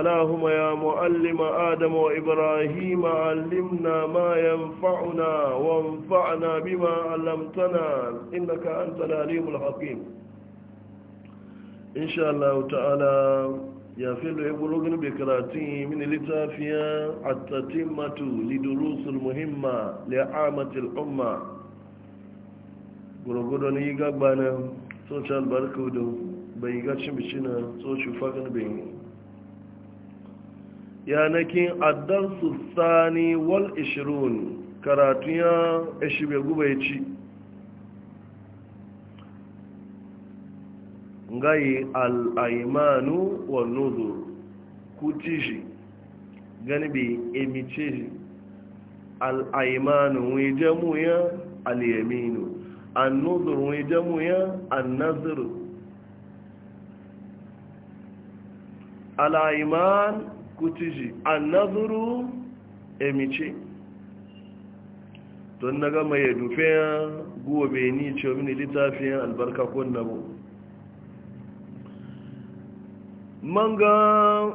اللهم يا معلم آدم وإبراهيم علمنا ما ينفعنا وانفعنا بما علمتنا إنك أنت العليم الحكيم إن شاء الله تعالى يا فيلو يبلغن بكراتي من لتافيا التتمة لدروس المهمة لعامة الأمة gurgudu ne gaba na social barcode bai gacin bicina so shi fagen bai yanakin su sani wal ishirun karatu ya ishibe gubaici ngayi al'aimanu wa ku ci shi gani bi emice shi al'aimanu wai jamu ya al'yaminu an nuzur wai jamu ya an naziru al'aiman kutiji annazuru emice don na gama ya dufe ya gobe ni ce mini littafin albarka ko nabo manga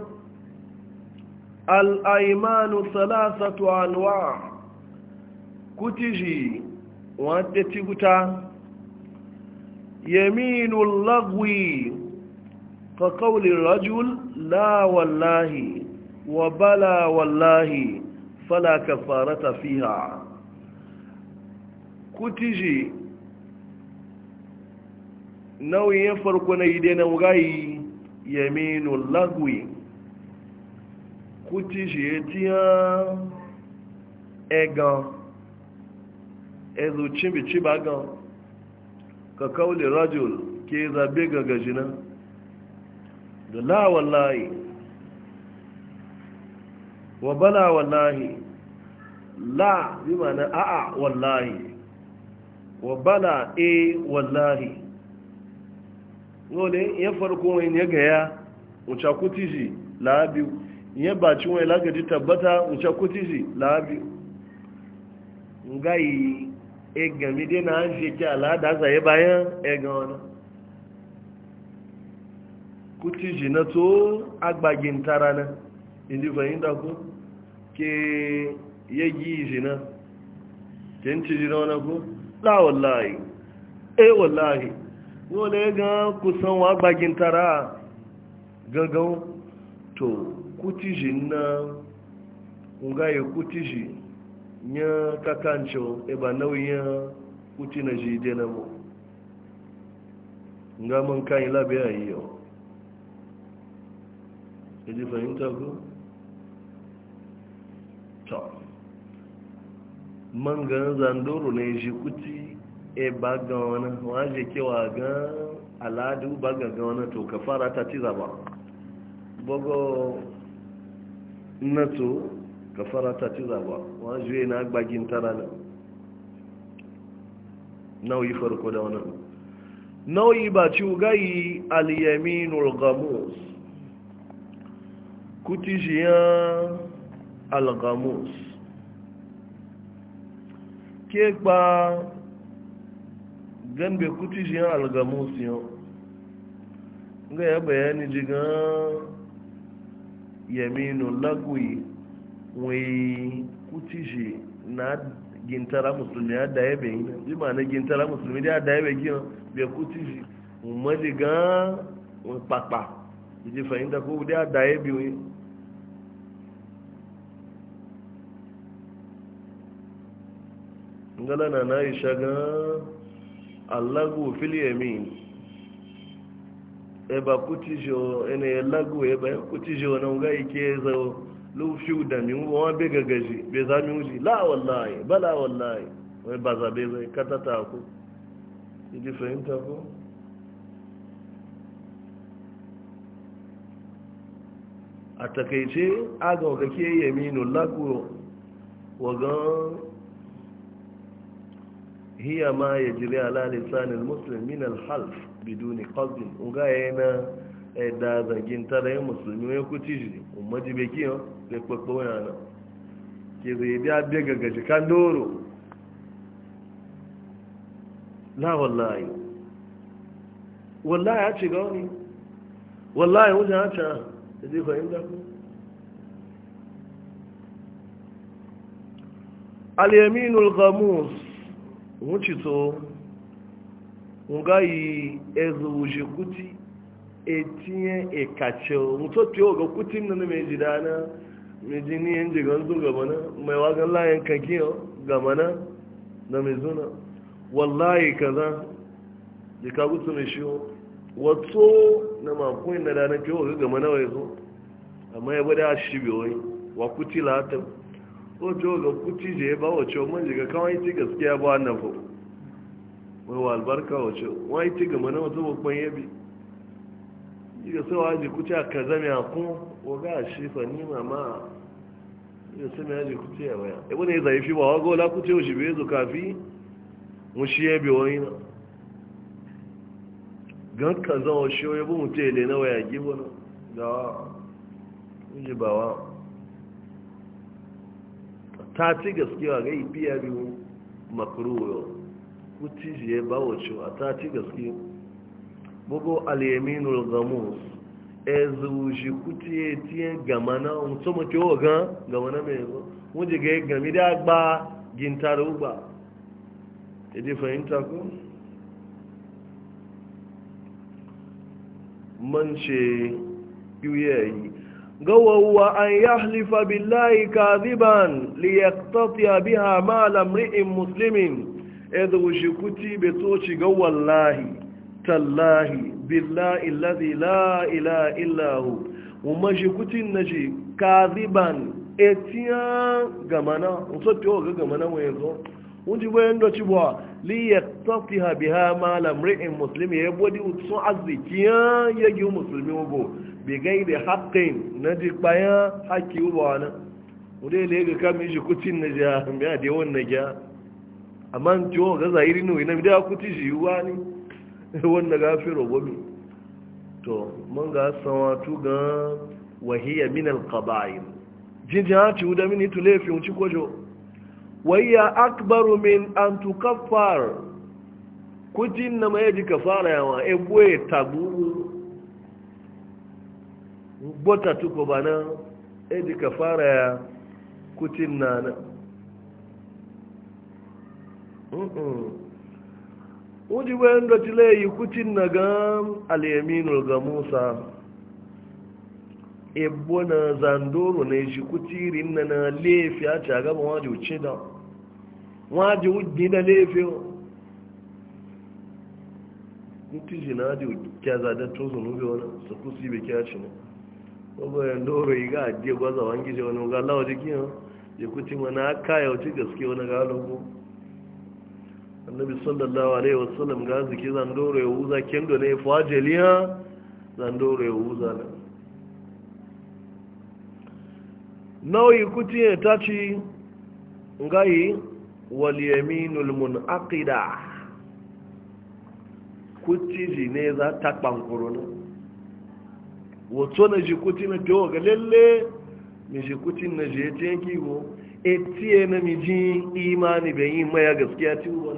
al'aimanu salasatu anwa kutiji wata guta yaminu lagwi ka kawulin rajul la wallahi wa bala wallahi fala kafarata fiha kutiji nauyin farko na ide na wugayi yaminu lagwi kutiji ya tiya egan ezucin bici bagan ka kauli rajul ke zabe gagajina da la wallahi wa bala wallahi la bi ma'ana a'a wallahi wa bala e wallahi nole ya farko wani ya gaya wuce kutiji labiyu ya baci wani lagadi tabbata wuce kutiji labiyu ngayi egan mi na an sheke al'ada ya bayan egan wani kutiji na to agbagin tara na inji fahimta ku ke yayi na tenci jina wani ku la wallahi e wallahi wole ga kusan wa bagin tara gaggawo to kuti jina kunga ya kuti ji ya kakancho eba nauyin kuti na ji na mu nga man kan yi ya yi yau. Eji fahimta ku? to Manga ga zandoro na shi kuti e ba wani waje kewa ga aladu baga ga to ka fara ta ci zaba bugo na to ka fara ta ci zaba waje na gbagin tara na nauyi farko da wani nauyi ba ci gayi aliyemi gamus kuti shi ya algamus ke gba gambe kuti jiyan algamus yau ga ya bayani jigan yaminu lagwi wai kuti ji na gintara musulmi ya da yabe yi ma na gintara musulmi ya da yabe gina bai kuti ji umarjigan papa iji fahimta ko da da yabe yi ngala na na isha ga alagu fili yamin e ba kutijo ene lagu e ba kutijo na nga ikezo lu fi da mi wa be gagaji be za mi uji la wallahi bala wallahi wai ba za be zai e ta ku idi e fahimta ku. a takaice aga wa kake yaminu lagu wa gan هي ما يجري على لسان المسلم من الحلف بدون قصد وغاينا دازا إيه، جنتا دا مسلم ويكوتيجي ومجي بكيو لكوكو انا كيزي بيا بيغا جي كان دورو لا والله والله اتشي غوني والله وجه اتشا اللي فهمت اليمين الغموس muchito ngayi ezuje kuti etinye ekache mutoti ogo kuti nna mejidana mejini enje ganzu gamana mai wagan layan kakiyo gamana na mezuna wallahi kaza da ka gutu mai shiwo wato na makoyin na ranar kiwo gamana wai zo amma ya bada shi biyoyi wa kuti latin Ko jo ga kuci je ba wace mun ga kawai ci gaskiya ba wannan fa wai wa albarka wace wai ci ga mana wato babban yabi ga sawa ji kuci a kaza mai ko ga shi fa ni mama ya sai mai ji kuci a waya e wani zai fi ba wago la kuci shi bai zo kafi mu shi yabi wani na gan kaza wa shi yabi mu tele na waya gibo na ga ji wa ta ci gaskewa ga ibiya biyu makaruwa shi ya bawa cewa ta ci gaskiya bugu alyaminul gamus e zuwushi kuti ya tiye gama na mutum mace wa gan gama na mai yabo ji ga gami da gba gintar ugba ya e ji fahimta ku man ce yi وهو أن يحلف بالله كاذبا ليقتطع بها مال امرئ مسلم إذ وشكتي بتوشي قوى الله تالله بالله الذي لا إله إلا هو وما شكتي النجي كاذبا اتيا قمنا وصدت يوغا قمنا وينظر wunji bayan da ci buwa li ya tafi ha biha malam ri'in musulmi ya bodi sun arziki ya yagi musulmi ugo bi gai da haƙƙin na ji bayan haƙƙi uba wani wudai da ya ga kami shi kucin na ja ya da yawan na ja A amma ciwo ga zahiri ne na da kuti shi yiwuwa ne wanda gafi rogomi to mun ga sanwa tu ga wahiyya min alqaba'il jinjin ha ci wuda mini tu laifin ci kojo wayya akbaru min an tukaffar kutin na mai ji kafara yawa egwe tabu bota tuko bana edi kafara ya kutin na na uji wayan da tile yi kutin na ga alyaminul ga musa ebona zandoro na shi kutiri na na lefe a ci a gaba waje wuce da waje wuce da lefe mutiji na waje wuce za da tozo n'ubi wani su ibe bai kya ci ne wadda yan doro yi ga ajiye gwaza wangi ce wani ga lawa jiki ya ya kuti mana aka ya wuce gaske wani ga logo annabi sallallahu alaihi wasallam ga ziki zandoro ya wuza kendo na ne fajeliya zandoro ya wuza na nauyi kutiye ta ci ngayi waliyaminul munaqida kuti ji ne za ta kpankuru ne wato na ji kuti na fiye ga lalle mi ji kuti na ji ya ce kiwo etiye na mi ji imani bai yi maya gaskiya ci ba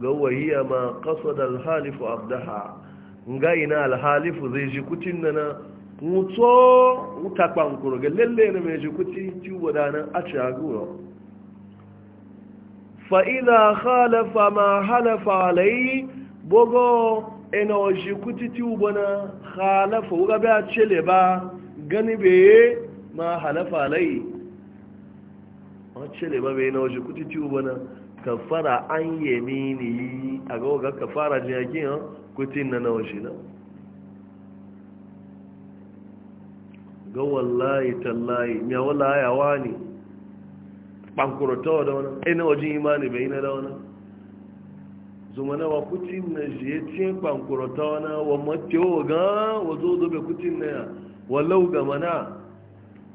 ga wahiya ma kasa da alhalifu abdaha ngayi na alhalifu zai ji kutin na na muto mutakpa nkuru ga lalle ne mai jikuti tubo da nan a ci aguro fa idha khalafa ma halafa alai bogo ina jikuti tubo na khalafa ga a cele ba gani be ma halafa alai a cele ba be ina jikuti tubo na kafara an yamini a ga kafara jiyakin kutin na na wajina ga wallahi tallahi ya wallahi ya wani bankurota da wani ina wajen imani bai na da wani zumana wa kucin na shiye cin bankurota wani wa macewa ga wazo zobe kucin na ya wallau ga mana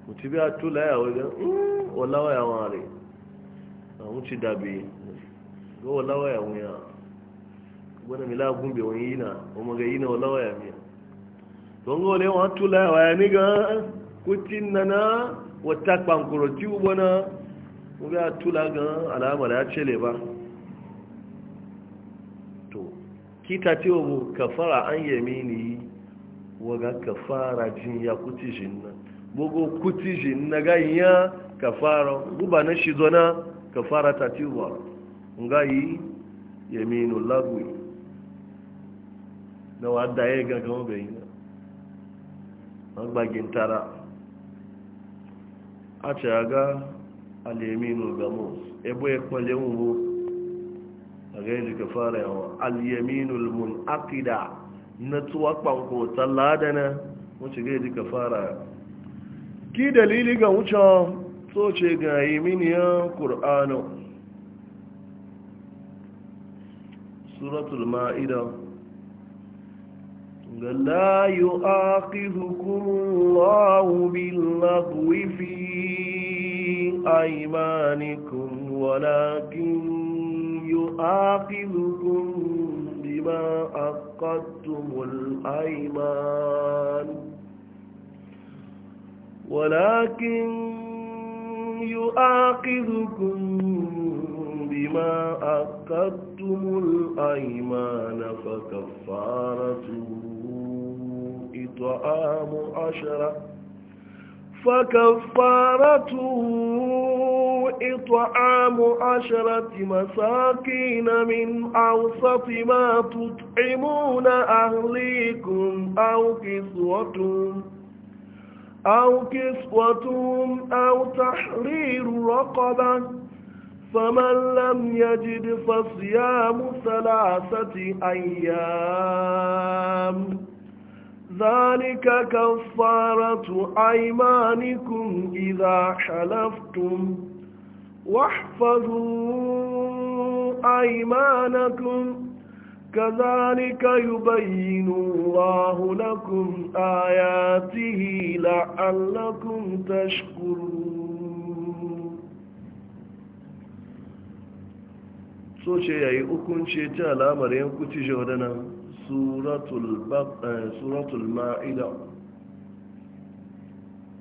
mutu biya tula ya wajen wallawa mm, ya wani a wuce dabe ga wallawa ya wuya wani mila gumbe wani yina wa maga yina wallawa ya miya don gole wa tula wa ya niga kucin na na wata kwankuroti ubana ubi a tula ga alamar ya cele ba to kita ce wa kafara an yami ni waga kafara jin ya kuci jin na bugu kuci jin na gayin ya kafara guba na shi zona kafara ta ci wa ngayi yaminu lagwi na wa wadda ga gaggawa bayi na agbagin tara a ce aga alyaminu gamus ebo ya a ga yi ka fara yawa alyaminul mun akida na tuwa talla tsallada na wuce ga yi ka fara ki dalili ga wucin so ga yi miniyan suratul ma'ida لا يؤاخذكم الله باللغو في أيمانكم ولكن يؤاخذكم بما أقدتم الأيمان ولكن يؤاخذكم بما أقدتم الأيمان فكفارته طعام عشرة فكفارته إطعام عشرة مساكين من أوسط ما تطعمون أهليكم أو كسوتهم أو كسوتهم أو تحرير رقبة فمن لم يجد فصيام ثلاثة أيام ذلك كفارة أيمانكم إذا حلفتم واحفظوا أيمانكم كذلك يبين الله لكم آياته لعلكم تشكرون so ce yayi hukunci ta al'amar yankuci jordanan Eh, suratul ma'ida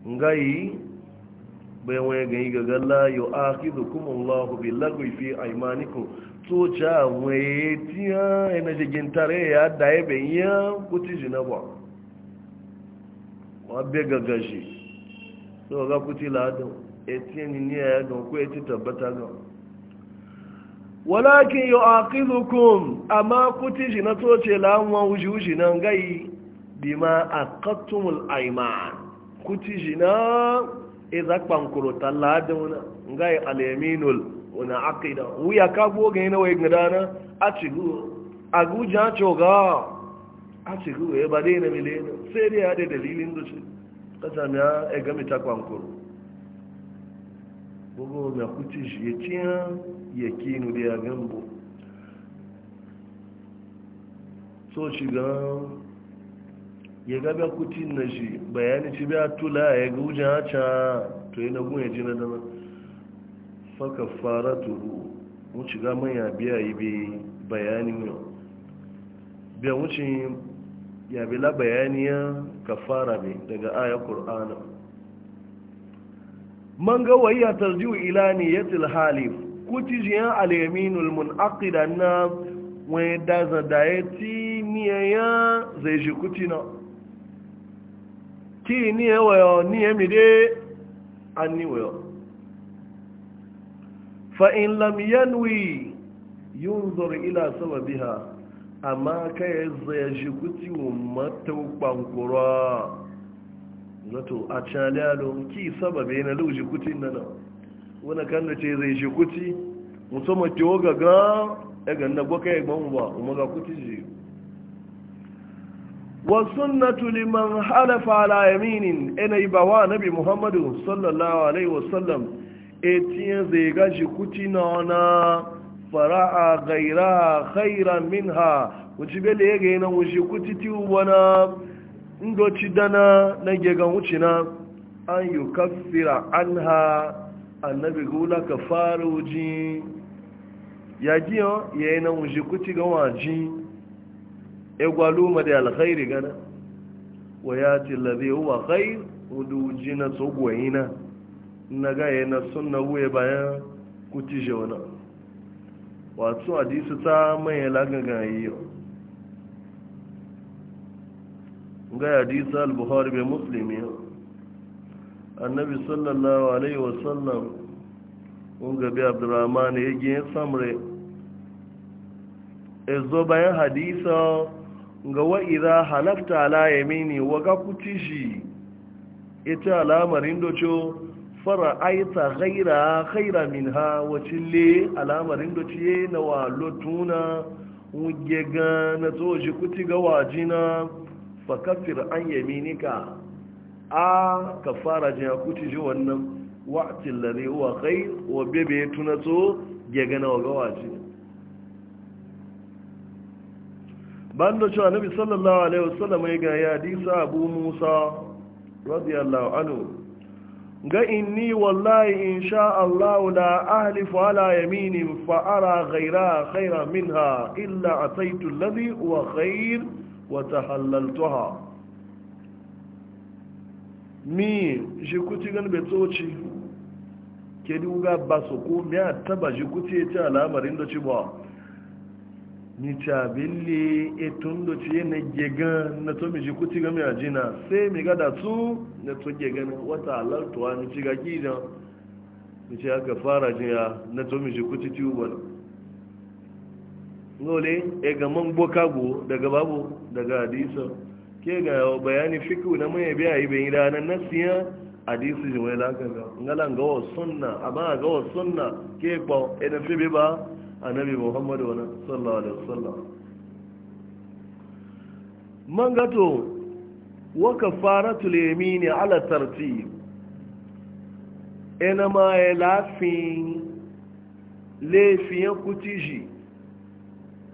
ngayi bai wani gani ga la yau akidu kuma allahu bi lagwifi aimanikun to ca waye tiya yana je tare ya da ya bayan kuti jinaba wabe gagashi sau ga kuti la la'adun etiyan ni ya yadda ko ya ci tabbata ga walakin yi aqizukum amma kuti shi na toce lamuwa wuji-wuji nan gai bi ma a kattumul aiman kuti shi na izakpan kurota ladin gai alaminul wani akida wuya ka goga yana wai gudana a cigu a guja coga a cigu ya e ba dai na milena sai dai ya da dalilin da ce ta ya gami bugu na kuci shi ya ciya ya kinu da ya gambo so shiga ya gaba kuci na shi bayani ci biya tula ya ga wujen haca to yi na gun ya ji na dama faka fara turu mun shiga ya biya yi bi bayanin yau biya wucin ya bila bayaniya ka fara bi daga aya ƙur'anin man ga wayya tarjiu ila niyatil halif kuti jiyan al-yaminul munaqida na wani da zadaye zai shi kuti ki niya wayo niya mi de an ni wayo fa in lam yanwi yunzur ila sababiha amma kai zai shi nato a calalo ki sababe na luji kuti na nan wani kan da ce zai shi kuti musamman ke oga ga ya ganda gwaka ya gbamu ba kuma ga kuti ji wasunnatu liman halafa ala yaminin ina wa nabi muhammadu sallallahu alaihi wasallam etiyan zai gashi kuti na wana fara'a gaira khairan minha wuce bele ya gaina wuce kuti tiwu wana ndoci dana na gegan wuce na an yi kafira an ha annabi gula ka fara wuji ya giyo ya yi na wuji kuti ga waji egwaluma da alkhairi gana wa ya ce labe wa khair wudu wuji na tsogwayi na na ga ya na suna wuye bayan kuti wani wato hadisi ta mai lagagayi yau gaya hadisa al-bukhari mai muslimi annabi sallallahu alaihi wasallam un gabi abdurrahman ya gina samre e zo bayan hadisa ga wa'iza halafta ala yamini wa ga kuci shi ita alamarin doco fara aita ghaira khaira minha wacille alamarin doci na walotuna lotuna wugega na ga wajina fakafir an yaminika a kafara jiya kuti ji wannan wa'atin lare wa kai wa bebe tuna so ya gana wa gawa ce ban da cewa nabi sallallahu alaihi wasallam ya ga ya disa abu musa radiyallahu anhu ga inni wallahi in sha Allah la ahlifu ala yaminin fa ara ghaira khaira minha illa ataitu alladhi wa khair wata halaltuha mi jikuti gan betoci ke duga ba su ko miya taba jikuti ya ce al'amarin da ci ba ni cabili etun da ci yana gegan na to mi jikuti gan miya jina sai mi gada su na to gegan wata halaltuwa ni ci ga gidan ni ce aka fara jiya na to mi jikuti tiwubar nole e ga man boka go daga babu daga hadisa ke ga bayani fiku na mai biya yi bayin da nan nasiya hadisi ji wai ka ga ngala ga sunna amma ga wa sunna ke ba e fi fi ba annabi muhammadu wa sallallahu alaihi wasallam man gato wa kafaratul yamini ala tartib ina e ma e lafin lefiyan kutiji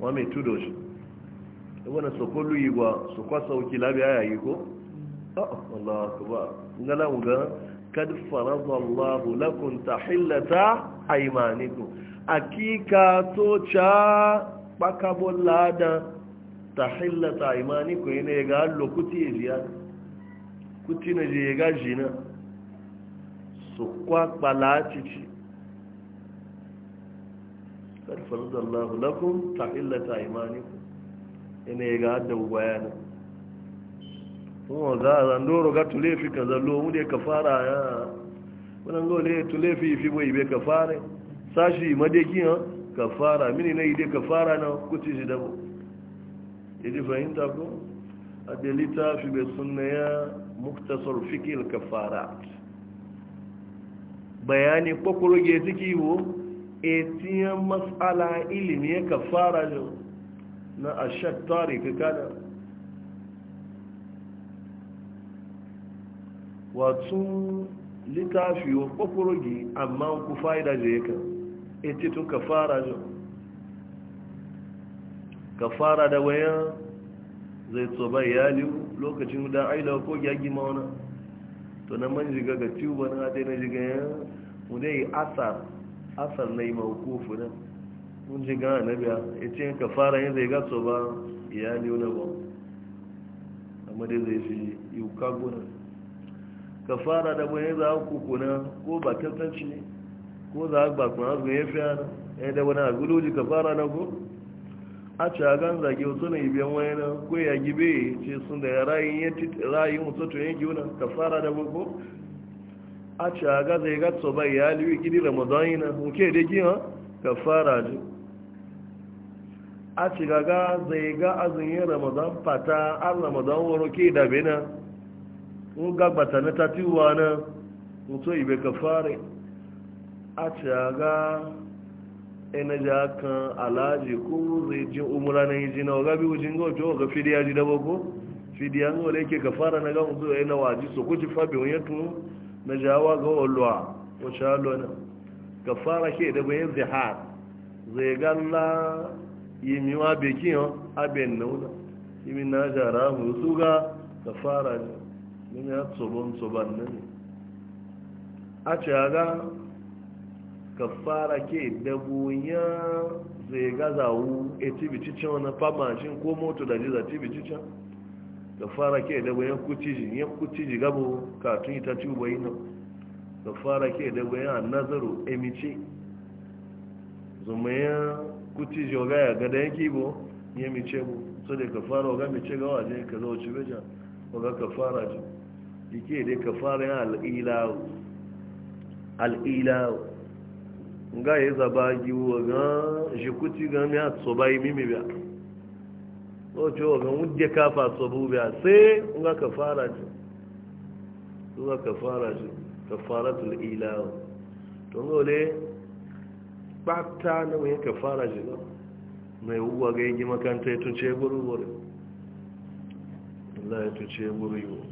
wa mai tudo shi wani sokolu yi ba, su kwasa wuki labi a yayi ko? Ah, Allah ku ba ngana ga kad faradu Allahu lakum tahillata aymanikum akika to ta bakabolada tahillata yana ya ga ya jiya kuti na e je ga jina su kwa pala cici Allah ta فرض الله لكم Ina أيمانكم ga يقعد بيانا kuma za a doro ga tulefi ka zallo mu da kafara ya wannan gole tulefi fi bai bai be kafare sashi madaki ha kafara mini na yi ka fara na kuti shi da mu idi fahimta ko adelita fi be sunna ya muktasar fikil kafarat bayani kokoro ge tiki wo etiyan matsala ilimi ya kafara yau na ashek tarika kada watsun littafi wa kwakwurogi amma ku fa'ida je ya kan eti tun kafara yau kafara da wayan zai tsoba iyali lokacin da aila ko gyagi mauna to na man jiga ga tuba na adai na jiga ya mu dai asar asar na yi mawukufu nan kun ji gana na biya ya ce ka fara yin zai gatso ba ne wani ba amma dai zai fi yi kago ka fara da wani za a kuku nan ko ba kantanci ne ko za a gbakun azumin ya fi nan ya eh, da wani guloji ka fara na ko a ce a gan zage wasu na ibiyan wani nan ko ya gibe ce sun da ya rayu mutu to yanki wani ka fara da wani ko a ci a gaza ya gatsa bai ya liwi gidi ramadan yana nke da gina ka fara ji a ci gaga zai ga azumin ramadan fata an ramadan waro ke da bena in gagbata na tatiwa na mutu ibe ka fara a ci aga ina kan alaji ko zai jin umura na yi jina waga biyu jin gauta waga fidiya ji da bako fidiya ga wale ke ka fara na ga mutu yana waji so kuci fabi wani ya tunu na jawa ga olwa wacce alona ka fara ke da bayan zihar zai galla yi miwa bekin yau abin nauna imi na jara mu su ga ka fara ne don ya tsobon tsoban na ne a ce ga ka fara ke da bayan zai gaza wu a na wani famashin ko moto da jiza tibicicin da fara ke da bayan kuciji ya kuciji gabo katun ita ci ubayi nan da fara ke da bayan nazaru emici zumaya kuciji oga ya gada yanki bo ya mice bu so da ka fara oga mice ga waje ka zo ci beja oga ka fara ji ike da ka fara ya al al'ilawo nga ya zaba giwo ga shi kuti ga mi a tsoba yi so wa ga mudde kafa sabubiya sai nga fara ce ka fara ce tun ilawo to nga wale bata na ka fara ce ba mai wuwa ga yi makanta ya tunce guri wuri Allah ya tunce guri yiwu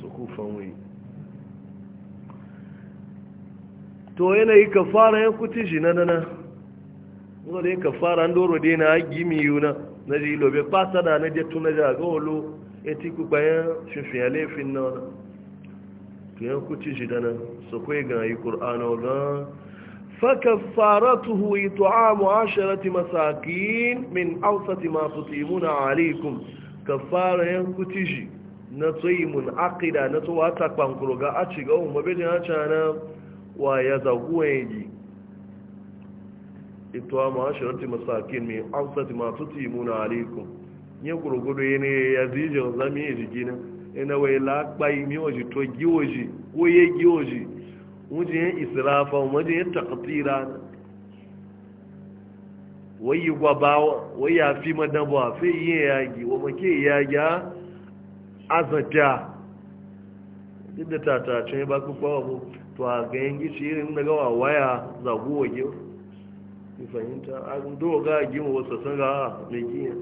su kufan wuyi to yanayi fara ya kuti shi na nana ka fara an doro dai na gimi yiwu na nadi na nadi tun nadi da ga olu eti ku gba yan fifi ale fi na na to yan ku ti ji dana so ko ga yi qur'an o ga fa kaffaratuhu it'amu asharati masakin min awsati ma tutimuna alaykum kaffara yan ku ti ji na to yi mun aqida na to wata ga a ci ga o mabe ni a cha na wa ito ma sharati masakin mai amsati masu na alaikum ya gurgudu ne ya zije zami ya jiki na ina wai laƙpai miwaji to giwoji ko ya giwoji wajen ya israfa wajen ya takatira na wai gwaba wai ya fi madaba fi yi yagi wa make yagi a azata duk da tatacin ya ba kwawa mu to a ganyen na waya ki fahimta a do ga gima wasu sun ga mai kiyan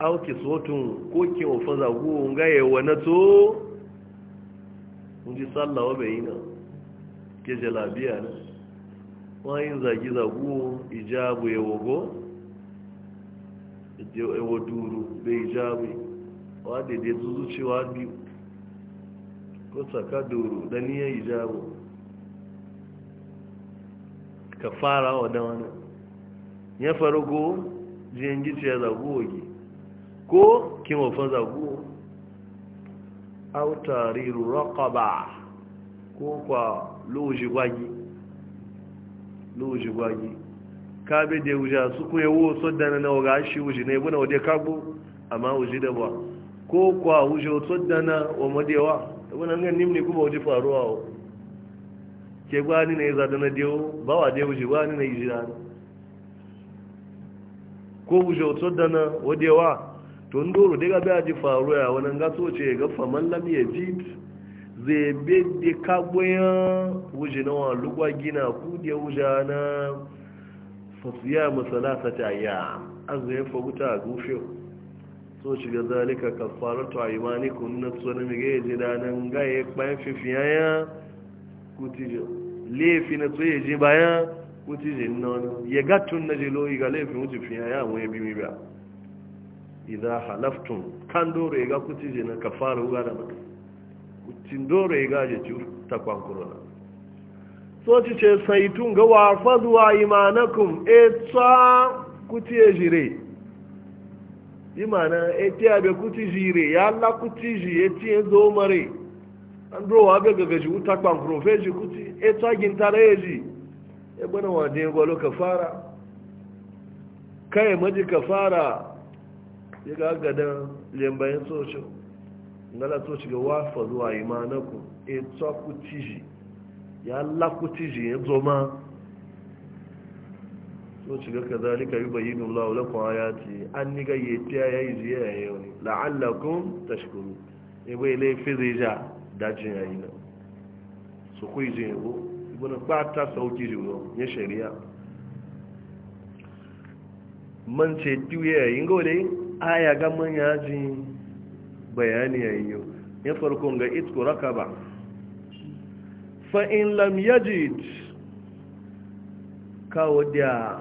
auki sotun ko kin ofa zagu ga yawa na to mun ji sallawa bai yi na ke jalabiya na wayin zagi zagu ijabu yawa go yawa e duru bai ijabu wa daidai zuzucewa biyu ko tsaka duru da niyan ijabu kafara wa da wani ya farko jiyangici ya zagu oge ko kimofin zagu autariru raqaba ko kwa loji gwagi loji gwagi kabe da wuja su kuye wo soddana na waga shi wuji ne buna wade kagbo amma wuji da ba ko kwa wuji soddana wa madewa wannan ganin ne kuma wuji faruwa ke gwani na ya zada na dewo ba wa dewo shi gwani na yi jira ko shi otu da na wadewa to n doro daga bai ji faru ya wani ga so ce ga faman lami ya ji zai be de kagboyan wuje na wa lugwa gina ku de wuja na fasiya masana ta ya an zai faguta a gufe so ci ga zalika kafaratu a kun na tsoron ga ya ji danan ga ya fifiyayen kutijo laifi na tso je bayan kutijo na wani ya gatun na jelo ga laifin wuce fiye ya wani bi mi ba idan halaftun kan doro ya ga kutijo na kafara wuga da maka kutin doro ya gaje ci ta kwankuro na so ci ce saitun ga wafazuwa imanakun e tsa kutiye jire imana e tiya be kuti jire ya la kuti ji e tiye zo mare andro wa eh, e ga gaga ji uta kwan profeji kuti e ya tarayeji e bana wa de gwalo kafara kai maji kafara ya ga gadan lembayin socho ngala socho ga wafa zuwa imanaku e tiji ya lakutiji ya zoma socho ga kazalika yubayyinu Allah lakum ayati an ni ga yete ayi ziya ne la'allakum tashkurun e bai lai fizija dajin ya yi nan su kuyi zai yabo ibina ba ta sauki jiwo ya shari'a man ce yi gode A ya ga manya ji bayani yi yau ya farkon ga itko raka ba fa'in lam yajid kawo da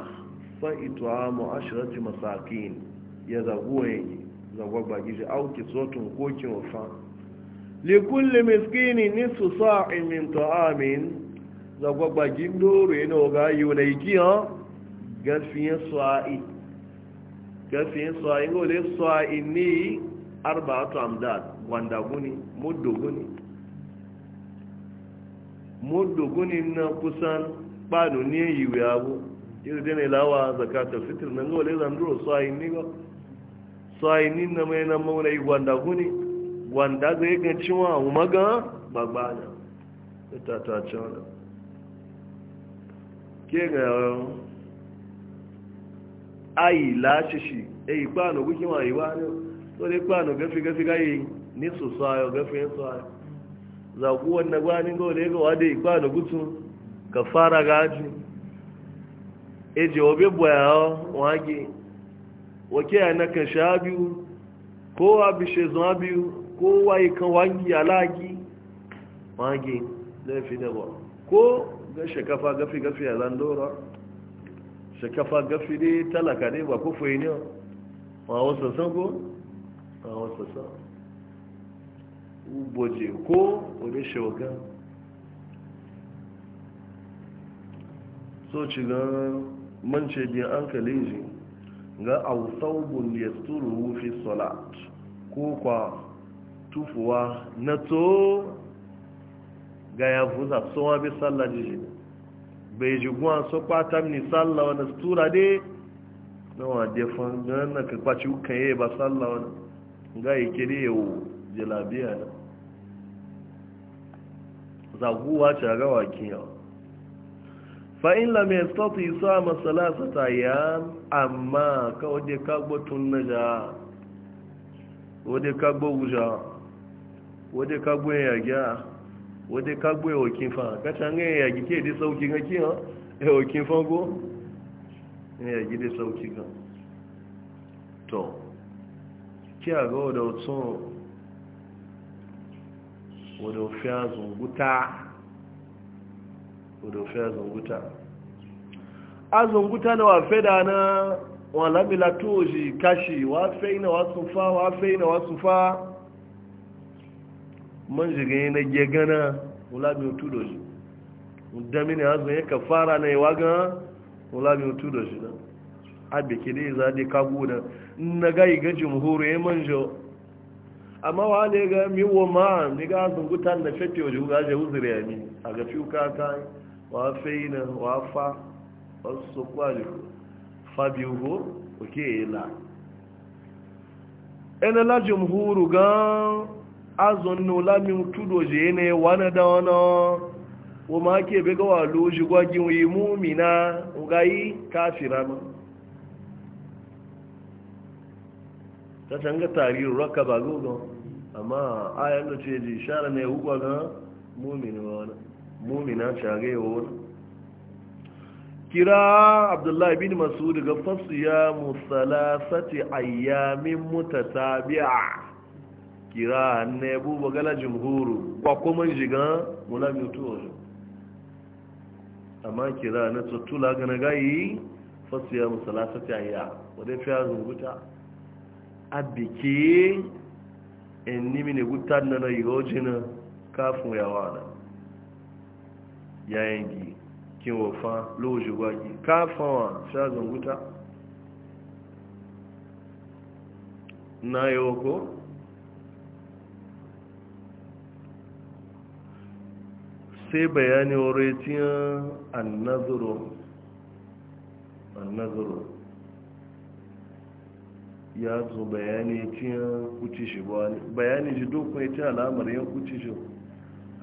fa'itu a ma'ashirarci masakin ya yi yayi zagwagba gizi auki tsotun kokin wafa likulli miskini nisu sa'in min ta'amin za gbagba gindoro yana oga yi wani iki ha gafiye sa'i sa'i gole sa'i ni arba'atu wanda guni muddu guni muddu guni na kusan kpanu ni yiwu ya bu yau dina ilawa zakatar fitir nan gole zanduro sa'i sa'i ni na mauna wanda guni wanda zai ga cewa umaga bagbana ita ta ce wani ke ga ayi lashishi eyi no gukin wa iwa ne so dai kpano gafi gafi yi ni su ayo gafi su ayo za ku wanda gwani ga wale ga wade ikpano gutun ka fara gaji eje obe boya wage wake ya na kan sha biyu kowa bishe zuwa biyu kowa yi kan wangi alagi wangi fi ne ba ko ga shakafa gafi gafi a landora shakafa gafi ne talaka ne ba kufu ne ma wasu san ko ma wasu san uboje ko wani shawaga so ci ga mance biyan an kaleji ga ausaubun ya sturu fi solat ko kwa tufuwa na to ga ya fuza tsohon bi sallah jiji bai jiguwa so kwata mini sallah wani tura dai na wade fan na ka kwaci kan yi ba sallah wani ga yi kiri yau jalabiya na zaguwa ce ga wakin yau fa'in lamai stop yi sa masala sa ta yi amma ka wade kagbo tun na ja wade kagbo wuja wadda ka gwe ya gya wadda ka gwe wa kinfa ka can ya yagi ke da sauki ga kiyan ya wa kinfa go ya yagi da sauki ga to ki a ga wadda otun wadda ofiya zunguta wadda ofiya zunguta a zunguta na wafe da na wala milatoji kashi wafe ina wasu fa fe ina wasu fa man shiga yi na gegana wulami otu da shi damini hazu ya ka fara na iwaga ga wulami otu da shi na abe ke dai za dai kagu na na gayi jimhuru ya manjo amma wa ne ga miwo ma ni ga sun gutan na fefe wa juga je uzuri ya mi a ga uka ta wa feina wa fa wasu kwali fabi ugo oke la ena la jimhuru ga azon no lami mi tudo je ne wana da wana wo ma ke be ga walo ji gwagi wi mu'mina ugai kafira ma ta tanga tariru raka ba gogo amma ayan da ce ji shara ne hukwa ga mu'mina wana mu'mina chage wona kira abdullahi bin masud ga fasiya musalasati ayyamin mutatabi'a kira ne bu bagala jumhuru kwa kuma jiga mula mutu ojo amma kira ne tattula gana gayi ya musala ta yaya wadai fiya zunguta a biki in nimi ne guta na na yojina kafin yawa na yayin gi kin wofa loji gwagi kafin wa fiya zunguta na yi wako sai bayani wuretiyar annazuru annazuru ya zo bayani ciyar kuci shi ba ne bayani ji dukkan ya ce alamar yin kuci shi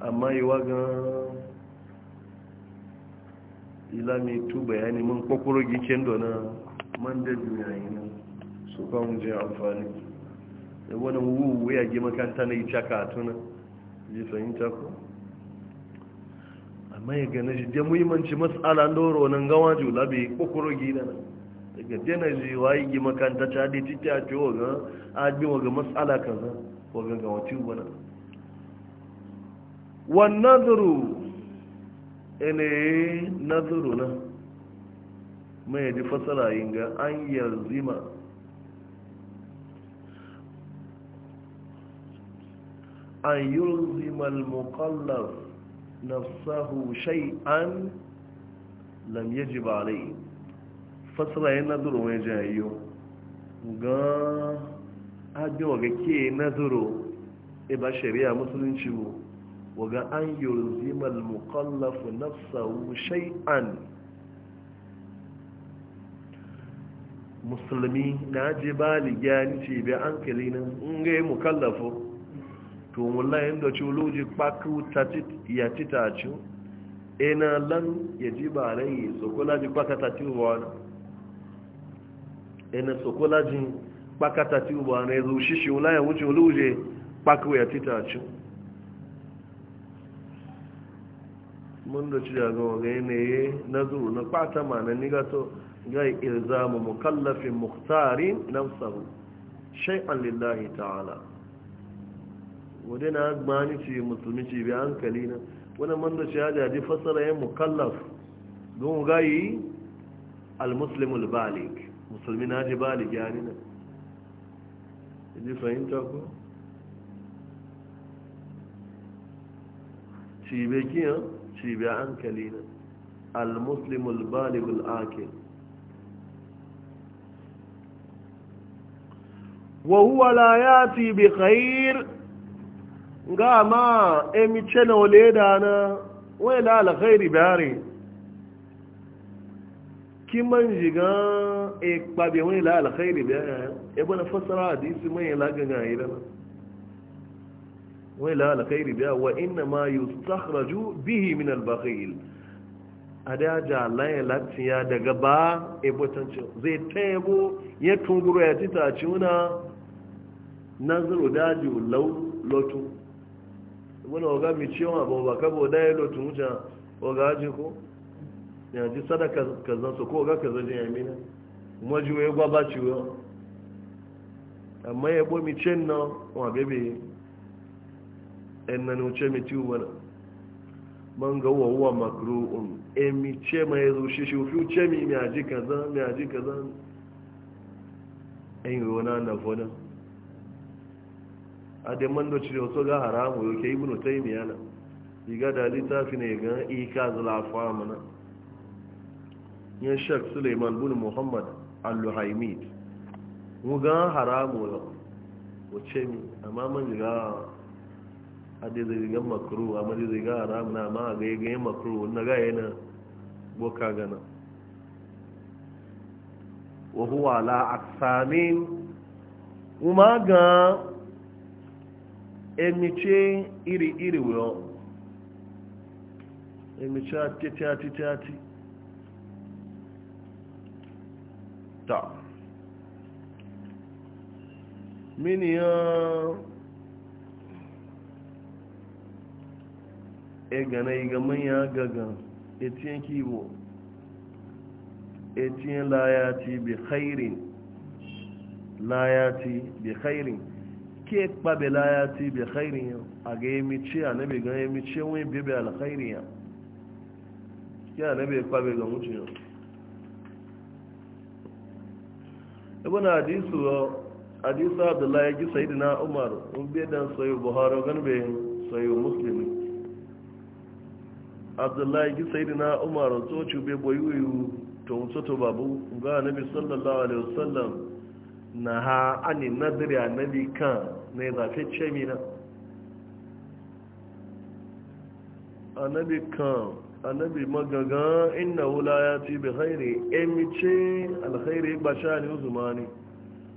amma yi wa waga ilami tu bayani mun kwakwaro gikin dona man da duniya yi nan su kan ji amfani da wani wuwu ya gima kanta na yi caka a tunan ji fahimta ko amma ya gane shi da muhimmanci matsala doro nan gawa jula bai kokoro gida nan daga dena ji wayi gi makanta ta dai titi a ce waga agbi waga matsala kaza waga ga wati wani wan nazaru ene nadru na mai ji fasara ga an yalzima an yulzima al-muqallaf nafsahu shay'an lam yajib alayhi fasara yin nazuru wani jayayyo ga abin waga ke nazuru e ba shari'a musulunci mu ga an yulzima al-muqallafu nafsahu shay'an musulmi na ji baligya ni ce bi an kalina in ga yi mukallafu to wallahi inda ci wuluji kpaku ya ci ta ci ina lan ya ji ba rai sokolaji kpakata ti wani ina sokolaji kpakata ti wani ya zushi shi wallahi wuce wuluji kpaku ya ta ci mun da ci daga waga yanayi na zuru na kpata ma na nigato ga ilzamu mukallafin muhtarin musamman shai'an lillahi ta'ala ودينا أجماني شيء مسلمي شيء بيان كلينا ونمند شهادة دي فصل أي مكلف دون غاي المسلم البالغ مسلمين هذي بالغ يعني نا دي فهمت أكو شيء بيكيا شيء بيان كلينا المسلم البالغ الآكل وهو لا يأتي بخير nga ma emi cena wale da na wai la alkhairi bare ki man jiga e kpabe wani la alkhairi bare e bana fasara hadisi mai la ganga ida na wai la alkhairi bare wa inna ma yustakhraju bihi min da ada ja la ya e latiya daga ba e ce zai tayebo ya tunguru ya tita ciuna nazaru daji lau lotu wani waga mai ciwon abu ba kabo da ya lotu wuce waga haji ko ya ji sadaka kazan su ko waga kazan jin yamina kuma ji waye gwaba ciwo amma ya bo cin na wa bebe en na nuce mi ciwo wani man ga wa wa makru'un e mi ce ma ya zo shi shi fi ce mi mi kazan mi aji kazan en yi wani na fodan ade mando cire wato ga haramu yake ibnu taymiya na diga da littafi ne ga ikaz lafa mana yan shek suleiman bin muhammad al-luhaimid mu ga haramu yo wace mi amma man ga hadi zai ga makru amma zai ga haramu na amma ga ga makru na ga yana boka gana wa huwa la aqsamin kuma ga emice iri-iri wuyo emice ti atiti ta mini ya egana iga manya gaga etiyen kiwo etiyen layati bi khairin layati bi khairin ke kpabela ya ti bi khairi ya a ga emice a nabi ga emice wani bebe alkhairi ya ke a nabi kpabe ga mutu ya ibn hadisu hadisu abdullahi ya ji sayidina umar in bai dan sayo buhari gan sayo muslimi abdullahi ya ji na umar to ci bai boyuyu to mutu babu ga nabi sallallahu alaihi wasallam na ha ani nadiri annabi kan آن آن نيضافيت شيمينا النبي كان النبي مغغا انه لا ياتي بخير امشي الخير بشان زماني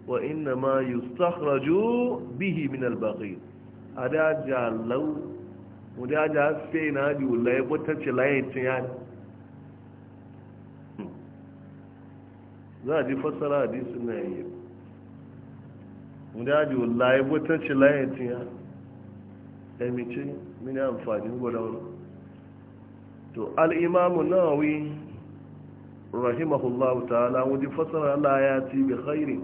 وانما يستخرج به من الباقي ادا جالو ودا جا سينا دي ولا يبتتش لا يتيا ذا دي فسر حديث النبي mudaji wallahi botanci layin tiya emici mini amfani gwada wani to al'imamu nawawi rahimahullahu ta'ala wajen fasara ti bi khairi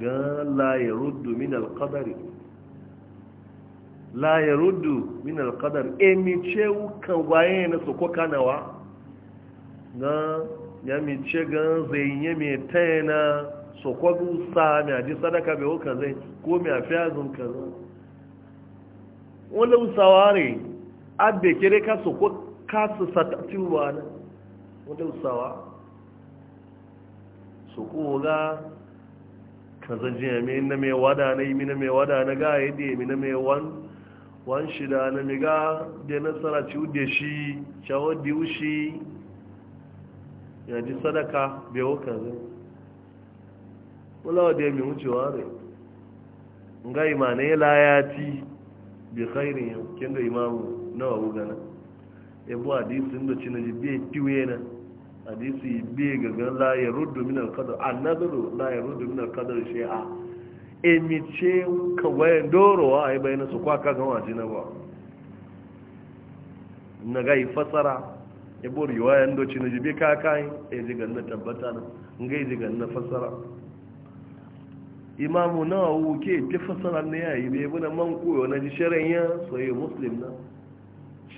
ga laye ruddu min alkadari laye ruddu min alkadari emice kan waye na soko kanawa na ya mice gan zai yi mai tayana so kwagu sa mai aji sadaka bai wuka kazai ko mai afi fiya zun ka wanda wani usawa ne abe kere ka so ko kasu satati ba na wanda usawa so ko ga kaza zaji ya mai na mai wada na imi na mai wada na ga ya da na mai wan wan shida na mai ga da nasara ci ude shi shawar diushi ya ji sadaka bai wuka kazai. kulawa da mai wucewa rai ga imanai layati bi khairin yau kin da imamu na wa gana hadisi hadisin da cina ji bai tiwe na hadisi bai ga la ya ruddu min an nadru la ya ruddu min qadar shay'a ce ka doro wa ai bayan su kwa ka wa jina ba na ga ifasara ebu riwayan do cina ji bai kai e ji na tabbata na ngai e ji ga na fasara imamu nawa wuke ta fasara ne ya yi bai buna man koyo na ji shirin ya soye na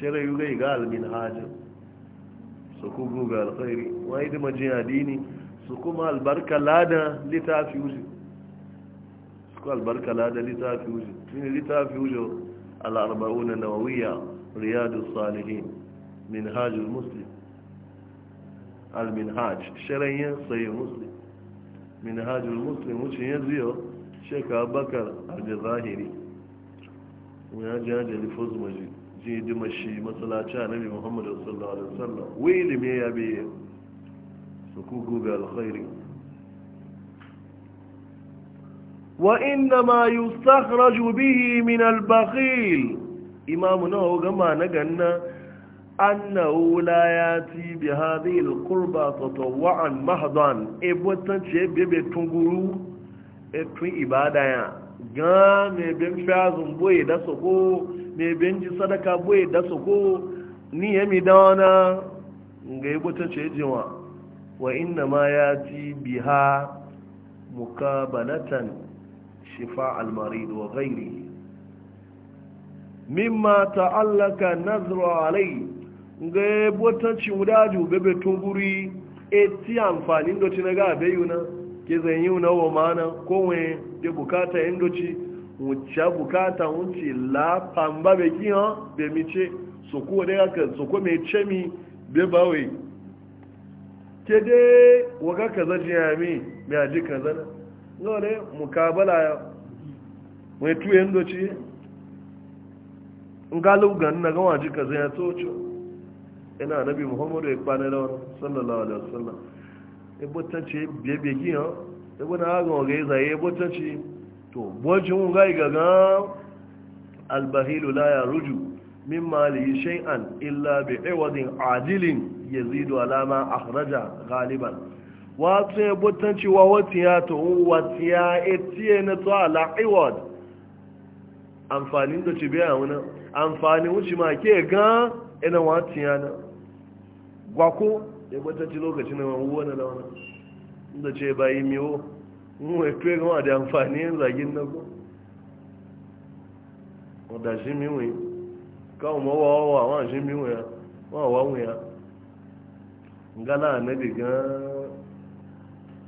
shirin yi gai ga albin hajjin su ku guga alkhairi wani da majin adini su kuma albarka lada littafi wuce su albarka lada littafi wuce tun na nawawiya riyadu salihin min hajjin muslim al-minhaj shirin ya soye muslim min hajjul muslim wucin ya ziyo sheka bakar al-jazahiri wani ji hajji alifos maji ji dimashi matsalaci annabi muhammadu sallallahu alaihi wasallam wili me ya biye su ku gobe alkhairi wa inna ma yustakhraju bihi min albakhil. bakhil imamu nawa gama na ganna annahu la yati bi hadhihi alqurba tatawwa'an mahdan e botan che bebe tunguru e tun ibada ya ga me ben fazun boye da soko me ben ji sadaka boye da soko ni yemi dawana ga e botan che jiwa wa inna ma yati biha mukabalatan shifa al-marid ga botancin wudaju bebe tunguri e ti amfani ndoci na ga bayu na ke zanyi yi na wa mana ko we de bukata ndoci wuce bukata wuce la ba be ki ha be mi ce so ko de ka so ko me ce mi be bawe ke de waga kaza mi me aji kaza na ngore mukabala mai tu ndoci ngalu na gawa ji kaza ya tsocho ina nabi muhammadu ya kwana da wani sallallahu alaihi wasallam ibotanci biye biye giyan ibina hagan wa zaye ya ibotanci to bojin gai gaga albahilu laya ruju min malihi shay'an illa bi iwadin adilin zido alama a akhraja ghaliban wato ya botanci wa ya to ya etiye na to ala iwad amfanin da ci biya wani amfanin wuce ma ke gan? ina watiya na gwako ya batanci lokaci na mamuwa na launa da ce bayi miyo mu ya tuwe gama da amfani yin zagin na ko wadda shi miwe kawo mawawa wa shi miwe ya wawa wuya gala na diga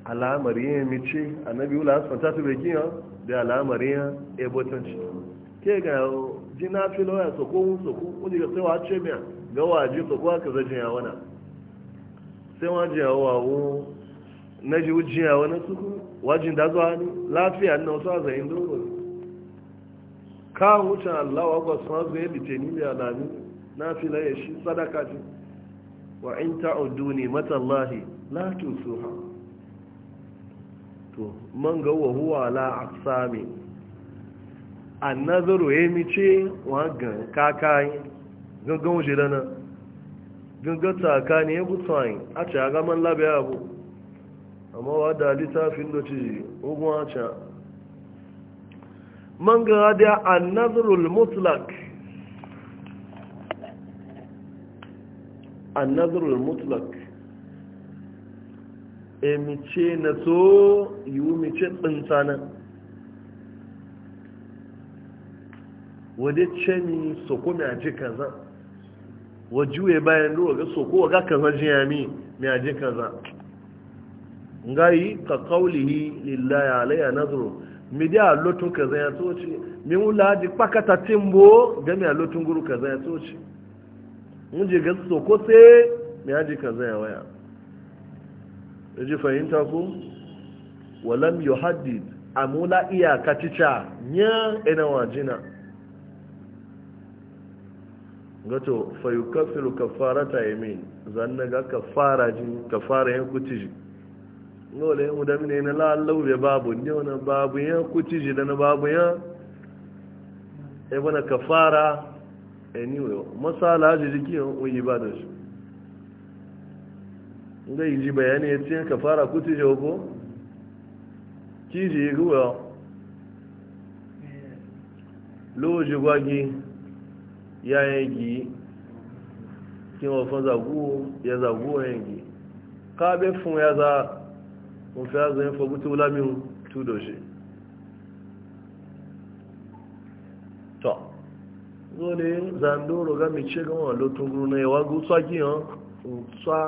alamar yin mice annabi wula asibanta su bai kiyan da alamar yin ebotanci ke ga jina filoya soko soko wani ga sai wa ce miya ga waje soko aka zaje ya wana sai wajen yawa wo na ji wujin yawa na suku wajin da zuwa ni lafiya na wasu azayin dogo ka wucin allah wa ba su mazu ya na ni da na fila ya shi sadaka ce wa in ta'udu ne matallahi la ha. to man ga wa huwa la aqsami an nazaru yemi ce wa ga kakai gangan na. gaggata ka ne ya gutsayin a ce a gaman labe abu amma wa da littafin da ci ugun a ce man ga da annazrul mutlak annazrul mutlak e ce na so yiwu mice tsintsana wadda ce ni so kuma a ji kaza wa juye bayan ruwa ga so ko ga kaza jiyami me aje kaza ngai ka qawlihi lillahi alayya nazru mi da lotun kaza ya toci mi wula di pakata timbo ga mi lotun guru kaza ya toci mun je ga so ko sai me aje kaza ya waya yaji e fahimta ku walam yuhaddid amula iyaka tica nya ina e wajina gato fayukaffiru kafarata min zanna ga kafara jin kafara yan ji nola yan udami ne na lallahu be babu ne wani babu yan ji da na babu yan ya e wani kafara anyway e masala ji jiki yan uyi ba da shi ga yi ji bayani ya ce kafara ji ko kiji guwa lo ji gwagi ya yanki, kí wọ́n fún zaguo ya zaguo yangi káàbẹ̀ fún ya za wọ́n fi azọ yẹn fọgbú tí ó lámìun tó dọ̀ṣe tọ́ lórí zandoro gámi ṣe gan wọn ló tún gúrú náà ẹwà gú kí hàn sá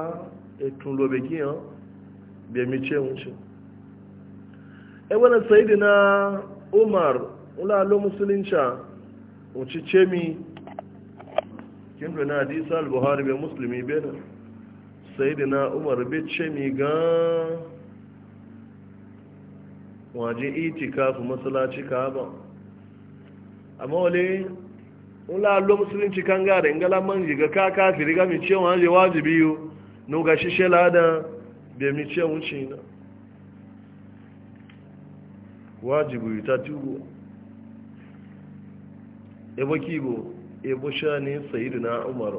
ètùn lóbe kí hàn ṣe ń ṣe ẹgbẹ́ na e e umar ńlá ló musulunci òun ti ṣe mi kin na hadisa al-buhari bai musulmi bai sai da na umar bai ce mi gan waje iti kafin masalaci ka ba amma wale wula allo musulunci kan gada in gala man ka kafiri ga mi ce waje wajibi yi no ga shishe lada bai mi ce wuce na wajibi ta tubo ebe kibo ibu shani sayidina umar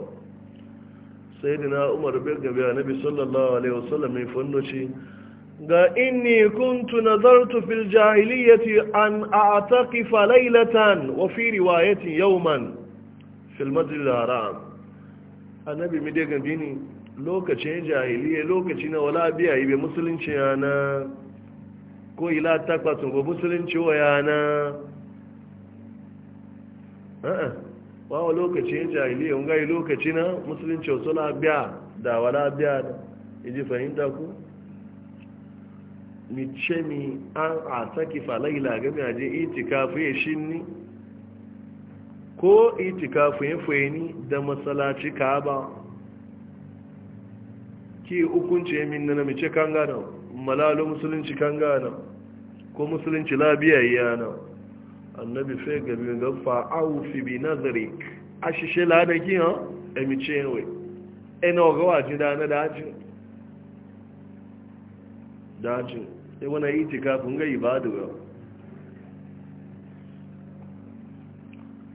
sayidina umar bai a nabi sallallahu alaihi wasallam mai fannoci ga inni kuntu nazartu fil jahiliyyati an a'taqifa laylatan wa fi riwayati yawman fil masjid haram annabi mi dai gabe ni lokacin jahiliyya lokaci na wala biya ibe musulunci yana ko ila takwasun go musulunci wa yana a'a lokaci ya jahiliya wunga yi lokaci na musulunci wasu biya da wala biya da iji fahimta ku ni ce mi an a saki falai lagami a je itikafu ya shi ni ko itikafu ya fuye ni da matsalaci ka ba ki ya min na mace kanga kan gana malalo musulunci kan gana ko musulunci labiya yana annabi sai gami ga fa'au fi bi nazari a ṣiṣe ladaki ha emice yawe ina ga waji da na dajin dajin ya e wani yi tika kun ga ibadu ya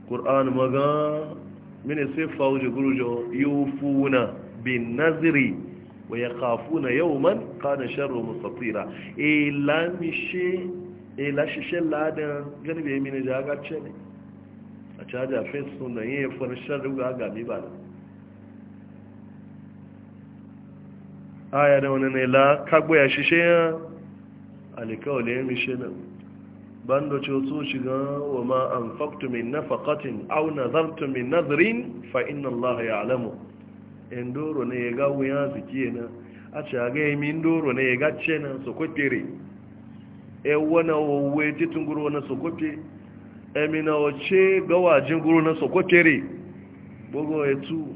ƙur'an maga mini sai fauji gurujo funa bi nazari wa ya kafuna yau man kanin sharro musafira ilamishe e e lashishin ladan gani bai mini ja gace ne a caja fesu na yin farshen ruga gami ba na aya da wani ne la kagbo ya shishe ya alikawale ya mishe nan bando ce su shiga wa ma an faktu min nafaqatin aw nazartu min nadrin fa inna alamu. ya'lamu indoro ne ya gawo ya zike na a caga yi min doro ne ya gace na su kwakwere ewana wowe titin guru na sokoke emina wace gawajin guru na rị bugu etu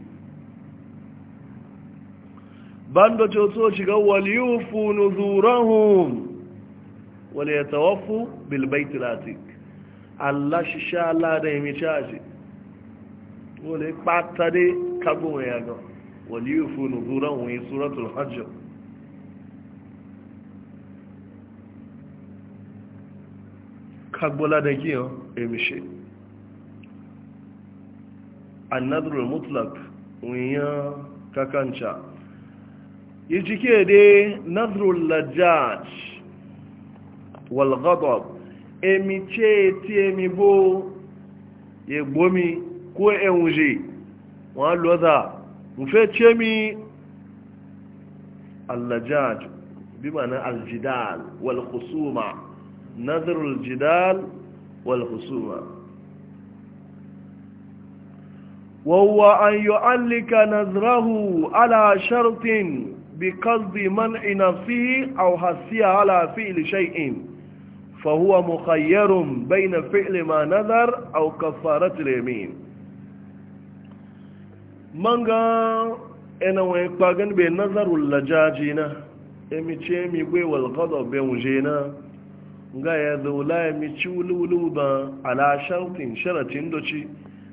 bando ce so shiga waliyufu nuzurahum wale ya tawafu bilbaiti latik allah shi sha allah da emi caji wale pata dai kagbon ya ga waliyufu nuzurahum yi suratul hajjah kagbola da giyan emishe annadrul mutlak wiyan kakanca ijike de nadrul lajaj wal ghadab emiche ti emibo egbomi ko enwuje wọn lọ́dá mufe chemi allajaj bi mana aljidal wal khusuma نذر الجدال والخصومة وهو أن يعلق نذره على شرط بقصد منع نفسه أو حسي على فعل شيء فهو مخير بين فعل ما نذر أو كفارة اليمين manga انا wani kpagan bai nazarun lajaji na emice mi gwe walgado ga ya zaula ya mi ci wulwulu ba ala shartin sharatin doci